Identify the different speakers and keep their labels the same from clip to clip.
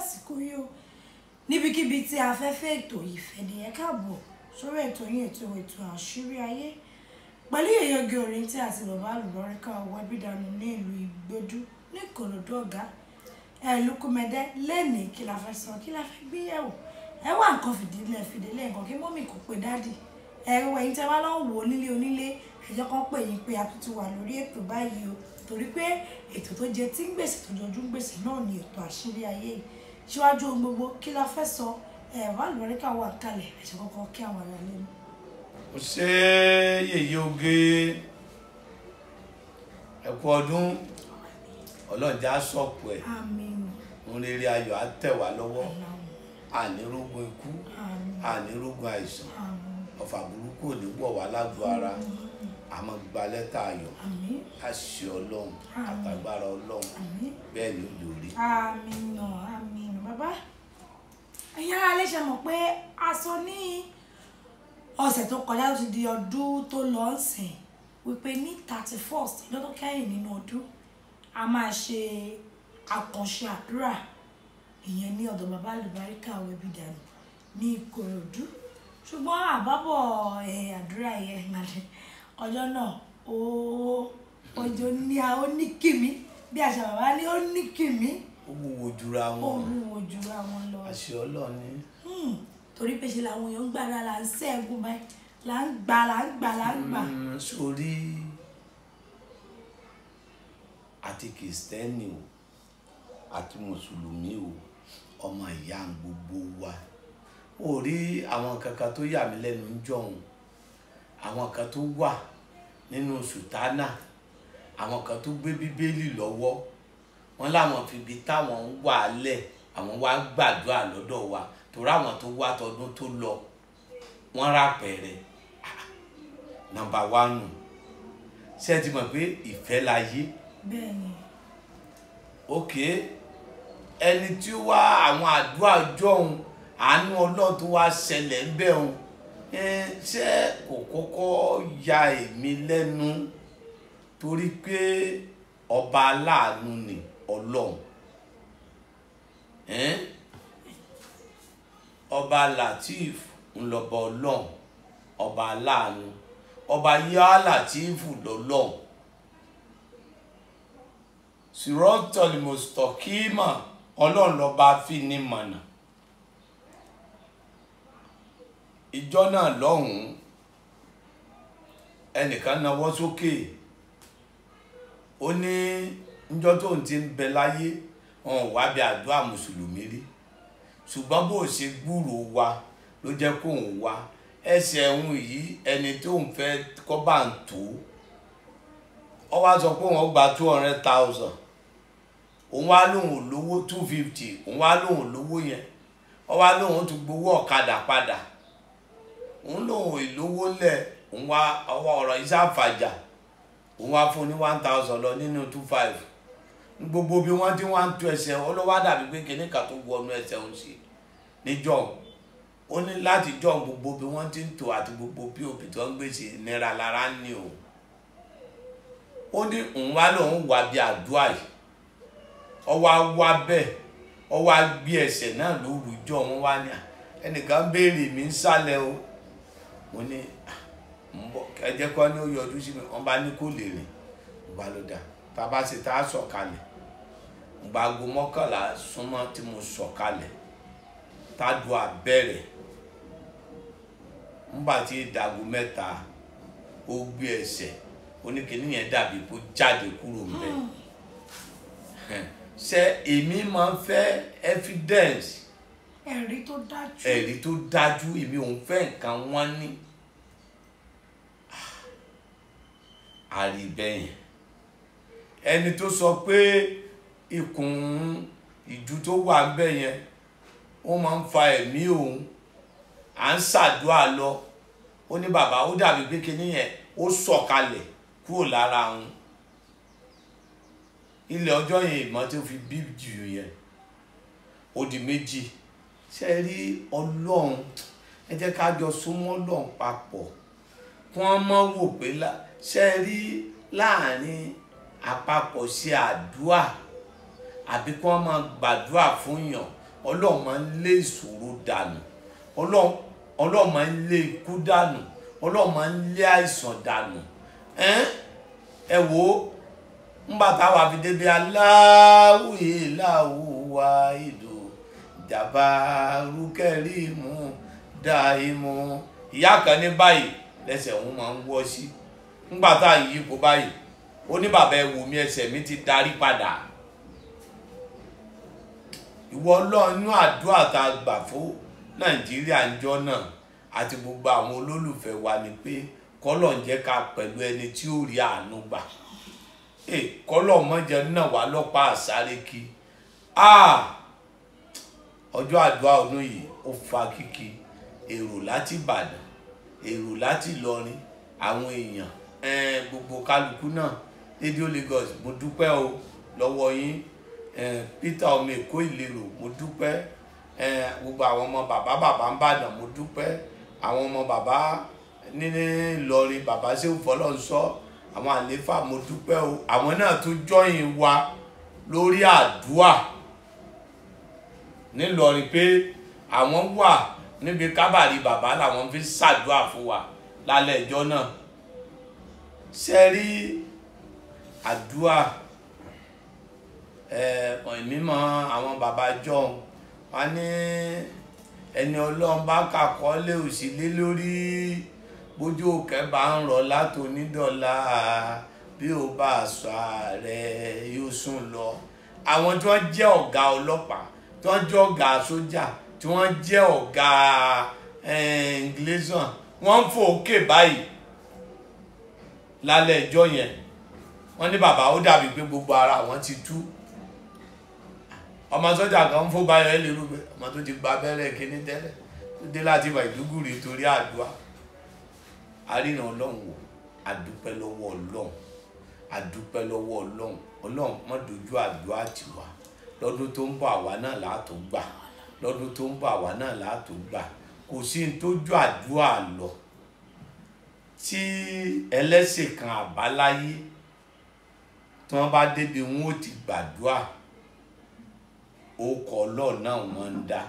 Speaker 1: àsìkò yìí o níbikíbi tí afẹ́fẹ́ ètò ìfẹ̀dé ẹ káàbọ̀ sórí ètò yín ètò ètò àṣírí ayé pẹ̀lú yèyege òrìntí àti bàbá àlùbọ́ríkà wẹ́bídàánù ní ìlú ìgbódú ní ìkòlòdú ọ̀gá ẹ lukumẹdẹ lẹ́nìí kí la fẹ́ sọ kí la fẹ́ gbé yẹ̀wò ẹ wá nǹkan fìdílé fìdílé nǹkan kí mọ́mì kò pé dádì ẹ wẹ̀yìn tí a bá lọ́ wò nílé onílé ẹjọ́ kan pè yín pé a tún ti wà lórí ètò báyìí o torí pé ètò tó jẹ tí ń gbèsè tó jọjú ń gbèsè náà ni ètò àṣírí ayé yìí síwájú ohun gbogbo kí la fẹ́ sọ ẹ̀rọ àlùbáríkà wà kalẹ̀ ẹ̀ṣẹ̀ kọ́kọ́ kí àwọn ará lẹ́nu.
Speaker 2: kò ṣe yèyé oge ẹ̀kú ọdún ọlọ́jà sọ̀pù ẹ̀ òun rere ayọ̀ á tẹ̀ wá lọ́wọ́ ànírógun ikú ànírógun àìsàn ọ̀fà burúkú ò ní wọ̀ wá lágbo ara àmọ́ gba lẹ́tà ayọ̀ àṣẹ ọlọ́run àtàgbára ọlọ́run bẹ́ẹ̀ ni ó lórí.
Speaker 1: àmín náà ṣe mọ̀ pé aṣọ ní ọ̀sẹ̀ tó kọjá ó ti di ọdún tó lọ sìn wípé ní thirty first lọ́dún kẹ́yìn nínú ọdún a máa ṣe àkànṣe àdúrà ìyẹn ní ọ̀dọ̀ bàbá àlùbáríkà wẹ̀bí dànù ní Ìkòròdú ṣùgbọ́n àbábọ̀ àdúrà yẹn màdé ọjọ́ náà ó ọjọ́ ní a ó ní kìmí bí àṣà bàbá ní ó ní kìmí. ó wúwo jura wọn ó wúwo jura wọn lọ.
Speaker 2: àṣẹ Ọlọ́run ni
Speaker 1: torí pé ṣe làwọn èèyàn ń gbà náà là ń ṣẹ́gun báyìí là ń gbà là ń gbà là ń gbà.
Speaker 2: Mm, sórí àti kìrìsìtẹ́nì o àti mùsùlùmí o ọmọ ìyá gbogbo wa ó rí àwọn kankan tó yà mí lẹ́nu ń jọ̀hún àwọn kan tó wà nínú sùtánà àwọn kan tó gbé bíbélì lọ́wọ́ wọn láwọn fi ibi táwọn ń wà lẹ̀ àwọn wá gbàdúrà lọ́dọ̀ Wa torí àwọn tó wá tọdún tó lọ wọ́n rà pẹ̀rẹ̀ nàmbà wánù ṣé ẹ ti mọ̀ pé ìfẹ́ la yé. bẹ́ẹ̀ni. ok ẹni tí ó wá àwọn àdúrà jọ̀hún àánú ọlọ́run tó wá ṣẹlẹ̀ ń bẹ̀ ọ̀hún ṣé kò kọ́kọ́ ya èmi lẹ́nu torí pé ọba aláàánú ni ọlọ́run. Eh? ọba latif ńlọba ọlọ́run ọba aláàánú ọba yá latif lọ́lọ́run sirotol mustokima ọlọ́run lọ́ba finimọ̀nà ìjọ náà lọ́hùn-ún ẹnìkan náwó sókè ó ní njọ́ tóun ti ń bẹ láyé wọn ò wá àdúrà mùsùlùmí rí ṣùgbọ́n bó ṣe gbúrò wa ló jẹ́ kóun wá ẹsẹ̀ ẹ̀hún yìí ẹni tó ń fẹ́ kọ́ bá ń tó ọ wá sọ pé gba two hundred thousand òun wá lóun lówó two fifty òun wá lóun lówó yẹn ọ wá lóun tún gbowó ọ̀kadà padà òun lòun ìlówó lẹ̀ òun wá ọwọ́ ọ̀rọ̀ iṣẹ́ àfàjà òun wá fún ní one thousand lọ nínú two five gbogbo bí wọ́n ti wá ń tu ẹsẹ̀ ọlọ́wọ́ dàbí pé kíní kan tó wọ ọnu ẹsẹ̀ ń ṣe níjọ́ ó ní láti jọ́ gbogbo bí wọ́n ti ń tò àti gbogbo bí òbí tó ń gbèsè nira lára ń ní o ó ní òun wá lòun wà bí àdúrà yìí ọwọ́ wá bẹ́ẹ̀ ọwọ́ gbé ẹsẹ̀ náà lóru jọ wọn ní ẹnìkan béèrè mi ń sálẹ̀ o mo ní ẹjẹ kọ́ ni ó yọjú sí mi wọ́n bá ní kó lè rìn wọ́n ló dà tá a bá tá a sọ̀ kalẹ̀ gbàgbó mọ́kànlá súnmọ́ tí mo sọ̀kalẹ̀ tádu abẹ́rẹ̀ nígbà tí ìdàgbò mẹ́ta ó gbé ẹsẹ̀ oníkìní yẹn dàbí kó jáde kúrò mẹ́ ṣe èmi máa ń fẹ́ evidence ẹ̀rí tó dájú ẹ̀rí tó dájú èmi ò ń fẹ́ nǹkan wọ́n ní àríbẹ̀yìn ah, ẹni tó sọ pé ikùn ìjú tó wà bẹ́ẹ̀ yẹn ó máa ń fa ẹ̀mí òun à ń ṣàdúrà lọ ó ní bàbá ó dàbí pé kinní yẹn ó sọ̀kalẹ̀ kúrò lára òun ilẹ̀ ọjọ́ yẹn ìmọ̀ tó fi bí jù yẹn ó di méjì ṣe rí ọlọ́run ẹ jẹ́ ká jọ súnmọ́ ọlọ́run papọ̀ kí wọ́n mọ̀ wò pé ṣe rí láàrin àpapọ̀ ṣe àdúrà àbí kí wọ́n máa gbàdúrà fún yàn ọlọ́run máa ń lé ìṣòro dànù ọlọ́run máa ń lé ikú dànù ọlọ́run máa ń lé àìsàn dànù ẹ wo ńgbà táwa fi débi aláwùyé láwùwá ìlú ìjàmbá rúkẹ́rì mú dáìmú ìyá kan ní báyìí lẹ́sẹ̀ òun máa ń wọ́ sí ńgbà tá a yí ipò báyìí ó ní bàbá ẹ wò mí ẹsẹ̀ mi ti darí padà ìwọ ọlọ́run inú àdúrà tá a gbà fún nàìjíríà ńjọ́ náà àti gbogbo àwọn olólùfẹ́ wa ni pé kọ́lọ̀ ń jẹ́ ká pẹ̀lú ẹni tí ó rí àánú gbà kọ́lọ̀ mọ́jẹ náà wà lọ́pàá àsáré kí ah! ọjọ́ àdúrà ọdún yìí ó fa kíkì èrò láti ìbàdàn èrò láti ìlọrin àwọn èèyàn gbogbo kálukú náà rédíò Lagos mo dúpẹ́ o lọ́wọ́ yín Peter ọmọ Èkó ìlérò mo dúpẹ́ gbogbo àwọn ọmọ bàbá bàbá ń bàdàn mo dúpẹ́ àwọn ọmọ bàbá nílé Ìlọrin bàbá ṣé ń fọlọ́ ń sọ àwọn àléfà mo dúpẹ́ o àwọn náà tún jọyìn wa lórí àdúà nílọrin pé àwọn wà níbi kábàárì bàbá làwọn fi ṣàdúà fún wa lálẹ́ ìjọ náà ṣe rí àdúà mímọ àwọn bàbá jọ̀hún wọn ní ẹni ọlọ́run bá kàkọ́lé òsì lé lórí bójú òkè bá ń rọ̀ látònídọ̀la bí ó bá sọ ààrẹ yóò sùn lọ àwọn tí wọ́n jẹ́ ọ̀gá ọlọ́pàá tí wọ́n jẹ́ ọ̀gá sójà tí wọ́n jẹ́ ọ̀gá inglesan wọ́n ń fò òkè báyìí lálẹ́ ẹjọ́ yẹn wọ́n ní bàbá ó dàbí pé gbogbo ara wọn ti tú ọmọ sọ́jà kan fún Báyọ̀ Ẹlẹ́rúgbẹ́ ọmọ tó ti gba abẹ́rẹ́ kínní tẹ́lẹ̀ tó dé láti Maiduguri torí àdúrà àríyàn ọlọ́run wò àdúpẹ́ lọ́wọ́ ọlọ́run àdúpẹ́ lọ́wọ́ ọlọ́run ọlọ́run má dojú àdúrà tiwa lọ́dún tó ń bọ̀ àwa náà látò gbà lọ́dún tó ń bọ̀ àwa náà látò gbà kò sí ní tójú àdúrà lọ tí ẹlẹ́sìn kan àbáláyé tí wọ́n bá débi wọn ò ti gbàdúrà orúkọ ọlọ́run náà wọ́n ń dá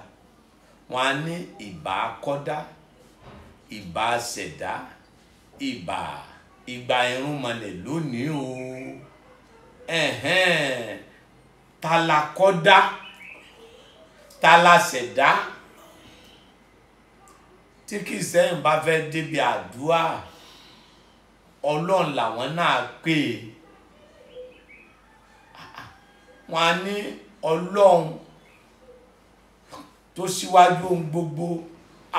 Speaker 2: wọ́n á ní ìbà kọ́dá ìbà ṣẹ̀dá ìbà ìgbà irun mọ̀lẹ̀ lónìí o ẹ̀hẹ́n tala kọ́dá tala ṣẹ̀dá tí kì í sẹ́yìn bá fẹ́ débi àdúrà ọlọ́run làwọn náà pè é wọ́n á ní ọlọ́run tó síwájú ohun gbogbo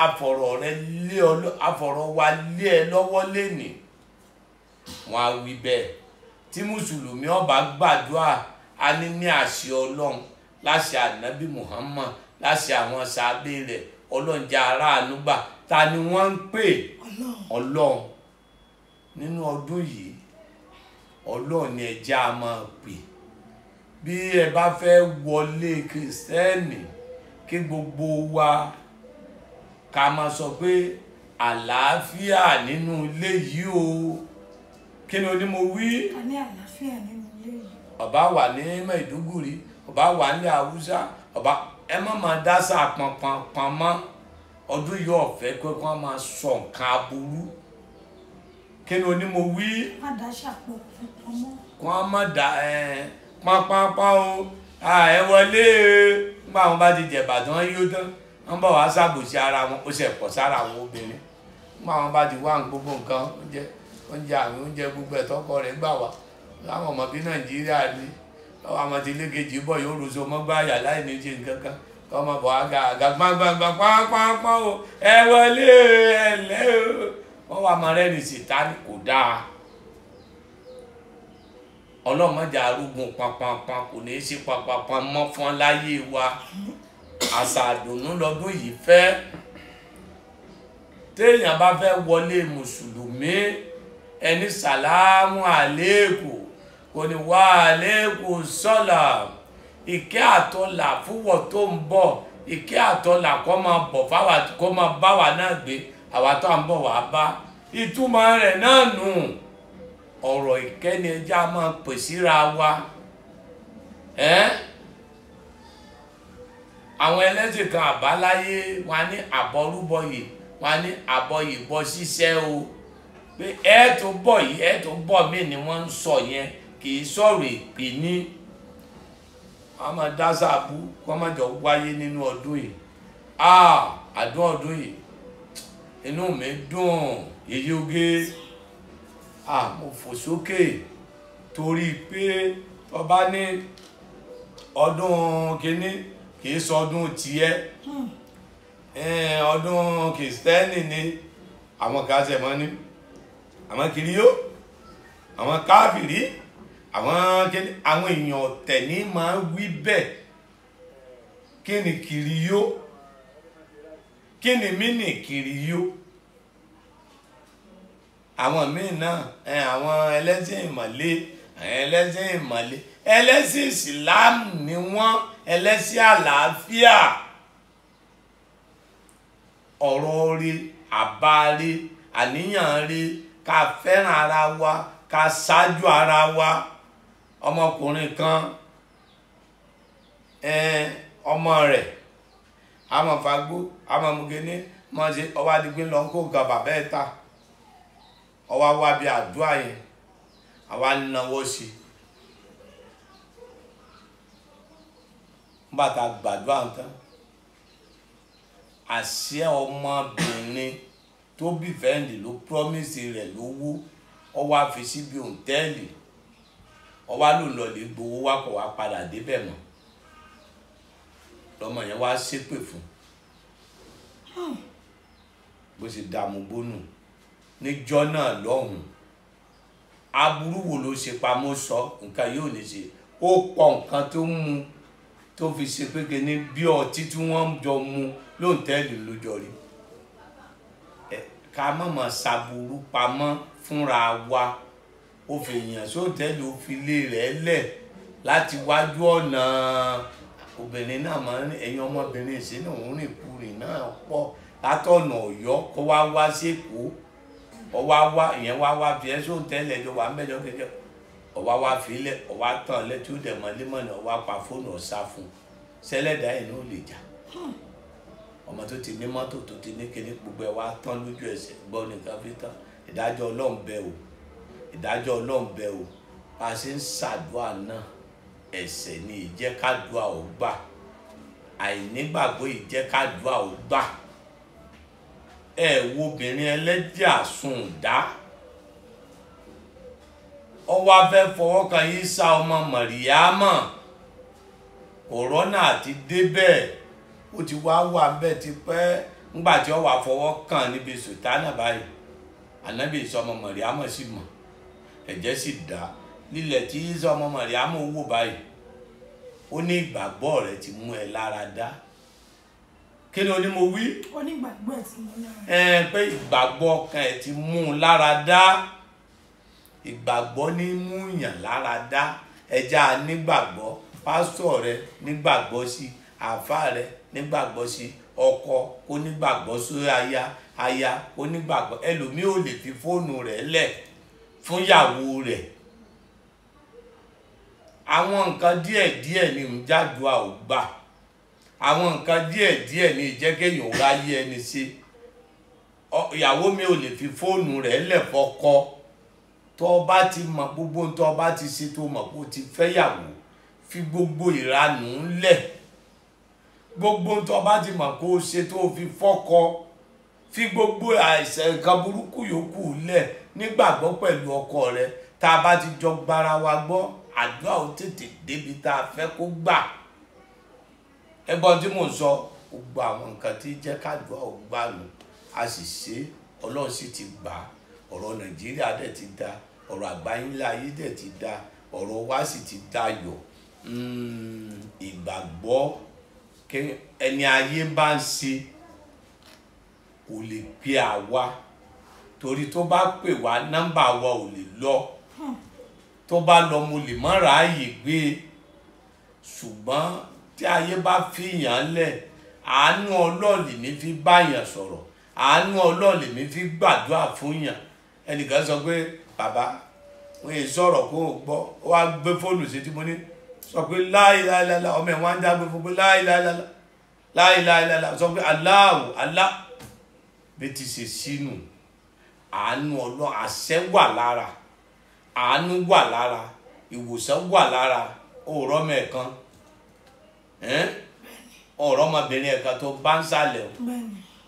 Speaker 2: afọ̀rọ̀ rẹ lé ọ afọ̀rọ̀ wa lé ẹ lọ́wọ́ lénìí wọn á wí bẹ́ẹ̀ tí mùsùlùmí ọba gbàdúrà a ní ní àṣẹ ọlọ́run láṣẹ ànábì Muhammad láṣẹ àwọn sábẹ́ rẹ̀ ọlọ́run jẹ́ aráàlú gbà ta ni wọ́n ń pè ọlọ́run nínú ọdún yìí ọlọ́run ni ẹja máa pè bí ẹ bá fẹ́ wọlé kìrìsìtẹ́nì kí gbogbo wa ká máa sọ pé àlàáfíà nínú ilé yìí o kí ni onímọ̀ wí. a ní
Speaker 1: àlàáfíà nínú ilé yìí.
Speaker 2: ọba wà ní Maiduguri ọba wà ní Haúsá ọba ẹ má máa dá sáà pọnpọnpọn mọ́ ọdún yìí ọ̀fẹ́ pé kí wọ́n máa sọ nǹkan aburú kí ni onímọ̀ wí. má
Speaker 1: dá sáà pọnpọnpọn mọ́.
Speaker 2: kí wọ́n má dá ẹ̀ẹ́. pọnpọnpọn o ẹ wọlé e. nígbà wọn bá ti tán bọ̀ wá ṣàbòsí ara wọn ó ṣe pọ̀ sára àwọn obìnrin nígbà wọn bá ti wá gbogbo nǹkan oúnjẹ oúnjẹ àwọn oúnjẹ gbogbo ẹ̀tọ́kọ rẹ̀ gbà láwọn ọmọ bí nàìjíríà ni lọ́wọ́ àwọn ti kejì bọ̀ yóò yà láì ní ṣe nǹkan kan bọ̀ wà ọlọ́mọdé arúgbó pampampan kò ní í ṣe pampampan mọ́ fún láyé wa àṣà àdùnnú lọ́dún yìí fẹ́ téèyàn bá fẹ́ wọlé mùsùlùmí ẹni sàlámù àlékù kò ní wá àlékù sọ́là ìkẹ́ àtọ́là fúwọ̀ tó ń bọ̀ ìkẹ́ àtọ́là kọ́ máa bọ̀ fáwa kọ́ máa bá wa náà gbé àwa tó ń bọ̀ wá bá ìtumọ̀ rẹ̀ náà nù. No ọ̀rọ̀ ìkẹ́ni ẹja máa pè síra wa àwọn ẹlẹ́sìn kan àbáláyé wọn ní àbọrúbọyè wọn ní àbọyìnbọ ṣiṣẹ́ o pé ẹ tó bọ̀ yìí ẹ tó bọ̀ mí ni wọ́n ń sọ yẹn kì í sọ̀rọ̀ èpè ní wọ́n máa dá sáàbù wọ́n máa jọ wáyé nínú ọdún yìí àdún ọdún yìí inú mi dùn èyí oge àmọ̀fòsókè torí pé ọba ní ọdún kínní kìí sọdún tiẹ̀ hmm. ọdún kìrìsìtẹ́nì ni àwọn kan ṣe mọ́ ní àwọn kiriyó àwọn káfìrí àwọn àwọn èèyàn ọ̀tẹ̀ ní máa ń wí bẹ́ẹ̀ kí ni kiriyó kí ni mí ni kiriyó àwọn míì náà ẹ àwọn ẹlẹ́sìn ìmọ̀lé ẹlẹ́sìn ìmọ̀lé ẹlẹ́sìn ìsìláàmù ni wọ́n ẹlẹ́sìn àlàáfíà ọ̀rọ̀ rí àbá rí àníyàn rí ká fẹ́ràn ara wa ká ṣáájú ara wa ọmọkùnrin kan ọmọ rẹ̀ àmọ̀fagbó àmọ̀mùgẹ́ni mọ̀ ṣe ọwọ́ adigun lọ kó ga bàbá ẹ̀ ta ọwọ́ wa bí àdúrà yẹn àwa náwó sí i nígbà tá a gbàdúrà tán àṣẹ ọmọbìnrin tó bí fẹ́ǹdì ló promise rẹ̀ lówó ọwọ́ àfi síbi òǹtẹ́ẹ̀lì ọwọ́ àlùlọ́lẹ̀ gbowó wá kọ̀ wá padà débẹ̀ mọ́ lọmọ yẹn wá ṣépè fún bó ṣe dààmú gbónú níjọ́ náà lọ́hùn aburú wo ló ṣe pamọ́ sọ nǹkan yóò ní ṣe ó pọ̀ nǹkan tó ń mu tó fi ṣe pé kíní bí ọtí tí wọ́n jọ mu lóńtẹ́ẹ̀lì lójọ rí ká mọ̀mọ́ ṣàbùrú pamọ́ fúnra wa ó fi yàn sóńtẹ́ẹ̀lì ó fi lé rẹ̀ lẹ̀ láti wájú ọ̀nà obìnrin náà máa ń ẹ̀yin ọmọbìnrin ìṣẹ́ náà òun rìn kúrìn náà pọ̀ látọ̀nà ọ̀yọ́ kó wá wá sí èkó ọwọ́ wá ìyẹn wá wá bí ẹsùn tẹ́lẹ̀ jọ wà mẹ́jọ kẹjọ ọwọ́ wá filẹ̀ ọwọ́ tán létí ó dẹ̀ mọ́ límọ̀nà ọwọ́ pa fóònù ọ̀sá fún sẹ́lẹ̀dá inú lè jà ọmọ tó ti ní mọ́tò tó ti ní kíní gbogbo ẹ̀ wá tán lójú ẹsẹ̀ gbọ́ nìkan fi tán ìdájọ́ ọlọ́run bẹ o ìdájọ́ ọlọ́run bẹ o bá a ṣe ń ṣàdúrà náà ẹ̀ṣẹ̀ ni ìjẹ́kádùá ò gbà àìnígbàgbọ́ ìjẹ́kádùá ò gbà. ẹ wo obìnrin ẹlẹ́jẹ̀ àsun ìdá ọwọ́ afẹ́ fọwọ́ kan Ìsá ọmọ mọ̀ríyámọ̀ kòrónà àti débẹ̀ ó ti wá wà bẹ́ẹ̀ tipẹ́ ńgbà tí ó wà kan níbi sùtánà báyìí ànábì ìsọmọ mọ̀ríyámọ̀ sì mọ̀ ẹ̀jẹ̀ sì dá tí ọmọ mọ̀ríyámọ̀ wò báyìí ó ní ìgbàgbọ́ ti mú ẹ lára kí ló ní mo wí.
Speaker 1: onígbàgbọ́ ẹ̀ ti mú lára.
Speaker 2: ẹ pé ìgbàgbọ́ ọkàn ẹ̀ ti mú un lára dá ìgbàgbọ́ ní mú yàn lára dá ẹja nígbàgbọ́ pásítọ̀ rẹ nígbàgbọ́ sí àáfà rẹ nígbàgbọ́ sí ọkọ kó nígbàgbọ́ sórí aya aya kó nígbàgbọ́ ẹlòmíì ò lè fi fóònù rẹ̀ lẹ̀ fún ìyàwó rẹ̀ àwọn nǹkan díẹ̀díẹ̀ ni ń jáde àwògbà àwọn nǹkan díẹ̀ díẹ̀ ni ìjẹ́kẹ̀yìn òun ráyé ẹni ṣe ìyàwó mi ò lè fi fóònù rẹ̀ lẹ̀ fọkọ tó o bá ti mọ gbogbo tó o bá ti ṣe tó o mọ̀ kó o ti fẹ́yàwó fi gbogbo ìranù ńlẹ̀ gbogbo tó o bá ti mọ̀ kó o ṣe tó o fi fọ́kọ fi gbogbo àìsàn nǹkan burúkú yòókù lẹ̀ nígbàgbọ́ pẹ̀lú ọkọ rẹ tá a bá ti jọ gbara wa gbọ́ àdúrà ó tètè débi tá a fẹ́ kó gbà ẹgbọ́n tí mò ń sọ gbogbo àwọn nǹkan tí jẹ́ kájọ ọgbà nù a sì ṣe ọlọ́run sì ti gbà ọ̀rọ̀ nàìjíríà dẹ̀ ti da ọ̀rọ̀ àgbáyínlá ayé dẹ̀ ti da ọ̀rọ̀ wa sì ti dayọ̀ hmm, ìgbàgbọ́ ẹni ayé bá ń ṣe kò lè pè àwa torí tó bá pè wá nọ́mbà wa ò lè lọ hmm. tó bá lọ mo lè má ráàyè gbé e. ṣùgbọ́n tí ayé bá fi yàn lẹ̀ àánú ọlọ́ọ̀lì mi fi báyàn sọ̀rọ̀ àánú ọlọ́ọ̀lì mi fi gbàdúrà fún yàn ẹnìkan sọ pé bàbá wọn yìí sọ̀rọ̀ kó o gbọ́ ó wá gbé fóònù sí tí mo ní sọ pé láìláìláìlá ọmọ ẹ̀ wọ́n á dágbé fún pé láìláìláìlá láìláìláìlá sọ pé aláàwò alá bí ti ṣe sínú àánú ọlọ́ àṣẹ wà lára àánú wà lára ìwòsàn wà lára òòrọ́ mẹ́ẹ̀kan ọ̀rọ̀ ọmọbìnrin ẹ̀ka tó bá ń sálẹ̀ o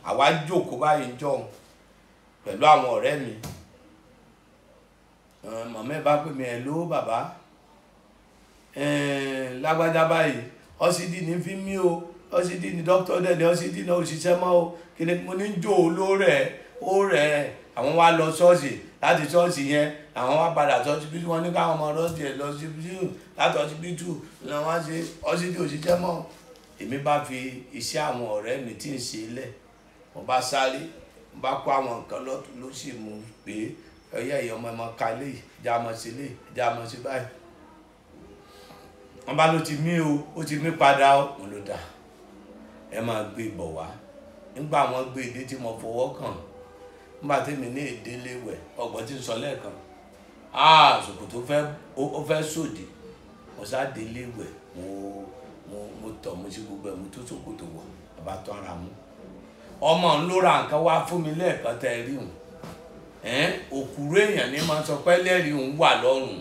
Speaker 2: àwa jókòó báyìí jọ̀hún pẹ̀lú àwọn ọ̀rẹ́ mi màmá bá pè mí ẹ̀ lówó bàbá lágbájá báyìí ọ́sídìí ní fi mí o ọ́sídìí ní dókítà dẹ̀ ní náà òṣìṣẹ́ mọ́ o kí ni mo ní jò ó lórẹ̀ ó rẹ̀ àwọn wa lọ ṣọ́ọ̀ṣì láti ṣọ́ọ̀ṣì yẹn àwọn wá padà tó ọsibítù wọn ní káwọn ọmọ rọ́ọ̀sì ẹ̀ lọ síbítù láti ọsibítù lọ wá ṣe ọsibítù òṣìṣẹ́ mọ́ èmi bá fi iṣẹ́ àwọn ọ̀rẹ́ mi tí ń ṣe lẹ̀ mo bá sáré mo bá kó àwọn nǹkan lọ́tún ló sì mú pé ọyẹ ìyá ọmọ ẹmọ ka lè já mọ sí lè já mọ sí báyìí wọn bá ló ti mí o ó ti mí padà ó mo ló dà ẹ máa gbé e bọ̀ wá nígbà wọn gbé èdè e tí mo fọwọ́ kàn nígbà tèmi ní èdè léwẹ̀ ọgbọ́n ti sọ lẹ́ẹ̀kan aa ah, ṣòkòtò fẹ́ ó fẹ́ sòdì mo sáde léwẹ̀ mo mo mo tọ̀ mo ṣe gbogbo ẹ̀ mo tó ṣòkòtò wọ̀ bàbá tó ara mú ọmọ ń lóra nǹkan wá fún mi lẹ́ẹ̀kan tẹ́ ẹ rí òun òkúrú èèyàn ní máa sọ pé ẹlẹ́rìí òun wà lọ́rùn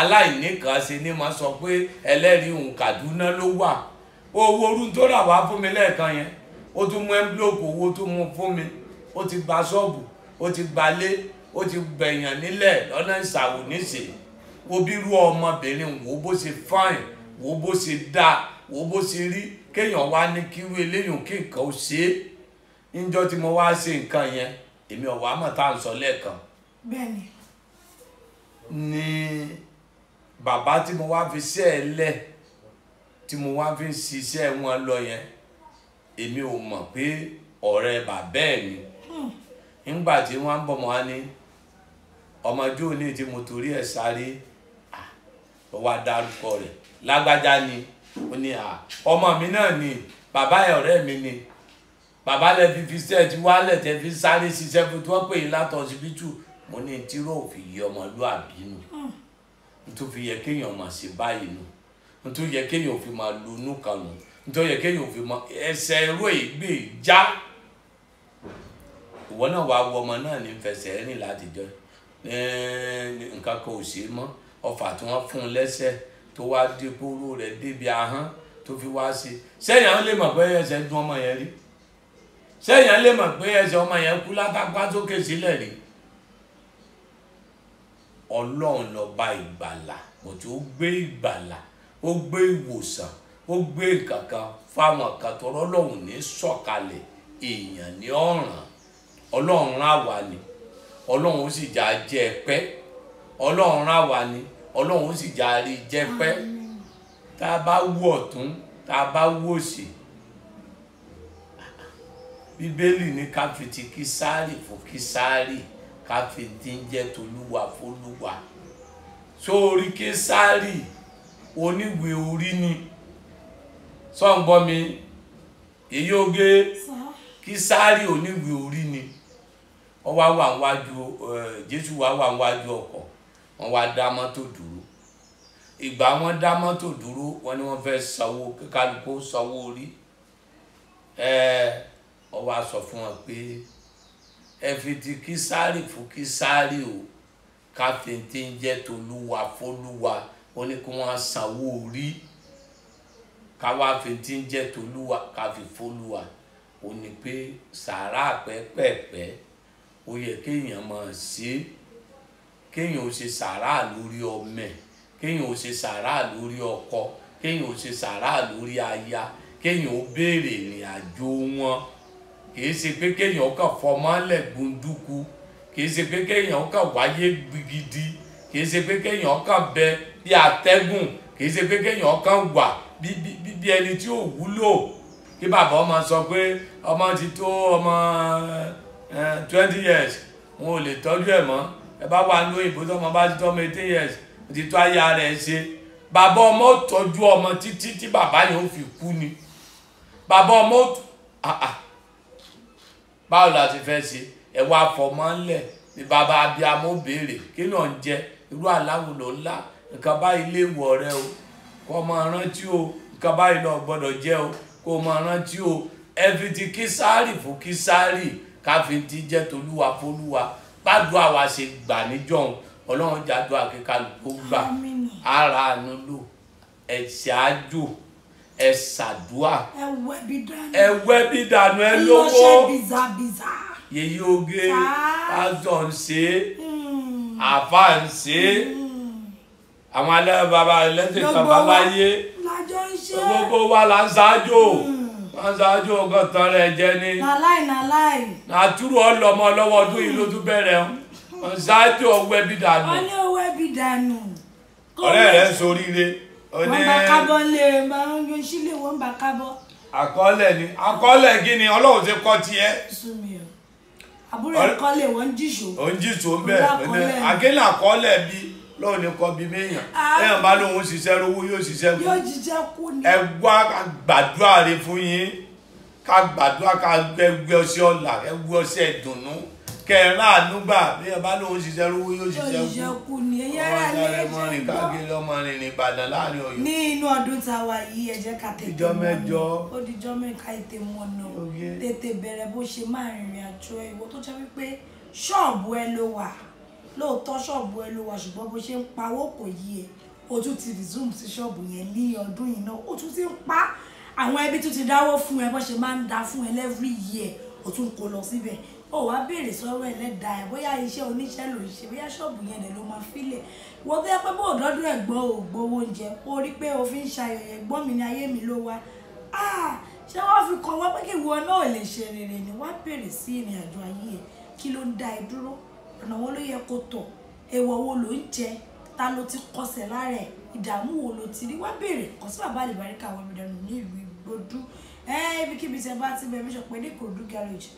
Speaker 2: aláìníkànṣe ní máa sọ pé ẹlẹ́rìí òun Kàdúná ló wà owó orun tó rà wá fún mi lẹ́ẹ̀kan yẹn ó tún mú ẹ́ńbílòkù owó tó mú fún mi ó ti gba ṣọ́ọ̀bù ó ti gbalé ó ti gbẹ̀yàn nílẹ̀ lọ́nà ìsàwò níṣe wo bírú ọmọbìnrin wo bó ṣe fáìn wo bó ṣe dá wo bó ṣe rí kéèyàn wá ní kíwú eléyìí kí nǹkan ó ṣe é níjọ́ tí mo wá ṣe nǹkan yẹn èmi ọ̀wọ́ àmọ̀ tá à ń sọ lẹ́ẹ̀kan. ni bàbá tí mo wá fi ṣe ẹ lẹ tí mo wá fi ṣiṣẹ́ wọn lọ yẹn èmi ò mọ̀ pé ọ̀rẹ́ bàbá ẹ̀ mi hmm. nígbà tí wọ́n ń bọ̀ mọ́ á ọmọdé òní tí mo torí ẹ̀ sáré ó wá dárúkọ rẹ̀ lágbájá ni ó ní à ọmọ mi náà ni bàbá ẹ̀ ọ̀rẹ́ mi ni bàbá lẹ fi fi sẹ́ẹ̀ tí wálẹ̀ tẹ fi sáré ṣiṣẹ́ fún tí wọ́n pè é látọ̀ síbítù mo ní tíró òfin yí ọmọlúàbí nù nítorí fi yẹ kéèyàn máa ṣe báyìí nù nítorí yẹ kéèyàn fi máa lu kan nù nítorí yẹ kéèyàn fi máa ẹsẹ̀ ẹrú ìgbé e já ìwọ náà wàá wọ ọmọ náà ní fẹsẹ̀ rìn látijọ́ yìí nǹkan kan ò ṣe mọ́ ọfà tí wọ́n fún un lẹ́sẹ̀ tó wá dé kóró rẹ̀ débi ahọ́n tó fi wá ṣe sẹ́yìn àwọn lè mọ̀ pé ẹsẹ̀ dùn ọmọ yẹn rí sẹ́yìn àwọn lè mọ̀ pé ẹsẹ̀ ọmọ yẹn kú látàgbà sókè sílẹ̀ rí ọlọ́run lọ́ba ìgbàlà kò tí gbé ìgbàlà ó gbé ìwòsàn ó gbé kankan fáwọn kan ní sọ̀kalẹ̀ èèyàn ni. ọlọ́run ó sì jà jẹ́ pẹ́ ọlọ́run rà wá ni ọlọ́run ó sì jà rí jẹ́ pẹ́ tá a bá wú ọ̀tún tá a bá wú òsì bíbélì ní ká fi ti kísárì fún kísárì ká fi ti ń jẹ́ tolúwa fólúwa sórí kísárì oníwèé orí ni sọ́ǹgbọ́n mi èyí oge kísárì oníwèé orí ni. So, ọ wá wà wájú eh, jésù wá wà wájú ọkọ̀ wọ́n wá dá mọ́tò dúró ìgbà wọ́n dá mọ́tò dúró wọ́n ní wọ́n fẹ́ sanwó kíkálukó sanwó orí ẹ eh, ọ wá sọ fún wọn pé ẹ fi ti kísárì fún kísárì o káfíńtì ń jẹ́ tolúwa fólúwa ó ní kí wọ́n sanwó orí káwá fíńtì ń jẹ́ tolúwa káfíńfólúwa ó ní pé sàrà pẹ́pẹ́pẹ́. Pe, pe, pe ó yẹ kéèyàn máa ṣe é kéèyàn ò ṣe sàrà lórí ọmọ ẹ̀ kéèyàn ò ṣe sàrà lórí ọkọ kéèyàn ò ṣe sàrà lórí aya kéèyàn ó béèrè ìrìn àjò wọn kìí ṣe pé kéèyàn kàn fọmọ́lẹ̀ gbunduku kìí ṣe pé kéèyàn kàn wáyé gidi kìí ṣe pé kéèyàn kàn bẹ bí atẹ́gùn kìí ṣe pé kéèyàn kàn wà bí ẹni tí ò wúlò kí bàbá ọmọ sọ pé ọmọ ti tó ọmọ. Eh, twenty years wọn ò lè tọ́jú ẹ̀ mọ́ ẹ bá wà ní òyìnbó tọmọ bá ti tọmọ eighteen years ó ti tó aya rẹ̀ ṣe bàbá ọmọ ó tọ́jú ọmọ títí tí bàbá yẹn ó fi kú ni bàbá ọmọ ó báwo la ti fẹ́ ṣe ẹ wá fọmọ ńlẹ̀ ni bàbá abiyamọ béèrè kí náà ń jẹ irú aláwọ̀ ló ńlá nǹkan báyìí lè wọ̀ rẹ o kó o rántí o nǹkan báyìí lọ gbọ́dọ̀ jẹ́ o kó o rántí o ẹ fi ti kísárì fún kísárì káfíntì jẹ́ tolúwa fólúwa gbàdúrà wa ṣe gbà níjọ́hun ọlọ́run jàdó àkíkalùkù gbà ara àánú lò ẹ̀sẹ̀ àjò ẹ ṣàdúà ẹ wẹ́bí dànù ẹ lówó yèyí oge pásítọ̀ ń ṣe hmm. àfa ń ṣe hmm. àwọn alẹ́ baba ẹlẹ́sìn baba láyé gbogbo wa là ń ṣáájò. Hmm. mọ́sáájú ọgọ́ tán rẹ̀ jẹ́ ní.
Speaker 1: nàláì nàláì.
Speaker 2: àtúrò ọlọmọ lọ́wọ́ ọdún yìí ló tún bẹ̀rẹ̀ mọ́sáájú ọwọ́ ẹbí dànù. wọ́n
Speaker 1: ní owó ẹbí dànù.
Speaker 2: ọ̀rẹ́ rẹ̀ ń soríire. wọ́n bá kábọ́
Speaker 1: lé máa ń yan sílé wọ́n bá
Speaker 2: kábọ́. àkọọ́lẹ̀ ni àkọọ́lẹ̀ kí ni ọlọ́run ti kọ́
Speaker 1: àbúrò wọ́n ń jìṣó. ò ń jìṣó bẹ́ẹ̀ àkẹ́lẹ̀ àkọọ́lẹ̀
Speaker 2: lọ́wọ́ lè kọ́ bí méèyàn ẹ̀yàn ah. bá lóun ṣiṣẹ́ rówó yóò ṣiṣẹ́ kú yóò jíjẹ́ kú ni. ẹ wá gbàdúrà rẹ fún yín ká gbàdúrà ká gbẹ ọṣẹ ọlà ẹ gbẹ ọṣẹ ìdùnnú kẹrìnlá ànúgbà ẹ̀yàn bá lóun ṣiṣẹ́ rówó yóò ṣiṣẹ́
Speaker 1: kú ọmọ ẹ̀yà ọmọ rìn káàkiri
Speaker 2: ọmọ rìn rìn Ìbàdàn láàrin Ọ̀yọ́. ní
Speaker 1: inú ọdún tá a wà yìí ẹ jẹ́ ká tètè mọ́nà ó di jọ́ mẹ́ka ètè mọ́nà tètè bẹ̀rẹ̀ bó ṣe máa rìnrìn àjò ìwọ tó jẹ́ wípé ṣọ́ọ̀bù ẹ ló wà lóòótọ́ ṣọ́ọ̀bù ẹ ló wà ṣùgbọ́n bó ṣe ń pawó kò yí ẹ o tún ti resume sí ṣọ́ọ̀bù yẹn ní ọdún yìí náà o tún ti ń pa àwọn ẹbí tún ti dáwọ́ fún ẹ bó ṣe máa ń da fún ẹ every year o tún kó lọ síbẹ̀ ó wá béèrè sọ́wọ́ ẹlẹ́dàá ẹ̀ bóyá iṣẹ́ oníṣẹ́ ló ń ṣe bóyá ṣọ́ọ̀bù yẹn ló máa filẹ̀ wọ́n tó yẹ pé bó òdọ́dún ẹ̀ gbọ́ ò gbowó oúnjẹ ó rí pé o fi ń ṣayọyẹ ẹ̀gbọ́n mi ni ayé mi ló wá ah! ṣé wọ́n fi kọ́ wọ́n pé kí ìwọ náà lè ṣe rere ni wọ́n béèrè sí ìrìn àjò ayé ẹ̀ kí ló ń dá ẹ dúró ọ̀nà wo ló yẹ kó tọ̀ ẹ̀wọ̀ wo ló ń jẹ ta ló ti kọsẹ̀ lára ẹ̀ ìdààmú wo ló ti rí wá béèrè kò sí bàbá àlìbáríkà àwọn ìdànù ní ìlú ìgbòdú ibikíbi tẹ bá ti bẹ̀rẹ̀ sọ pé ní kòdú garage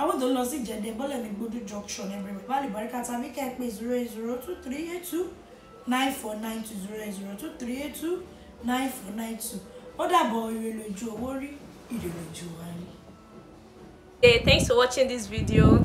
Speaker 1: àwọn tó lọ sí ìjẹ̀dẹ̀ bọ́lẹ̀ ní gbòdú junction ẹ̀bẹ̀rẹ̀ bàbá àlìbáríkà tàbí kẹ́ ẹ pé zero eight zero two three eight two nine four nine two zero eight zero two three eight two nine four nine two ó dàbọ̀ ire owó rí ire wa rí. Hey, thanks for watching this video.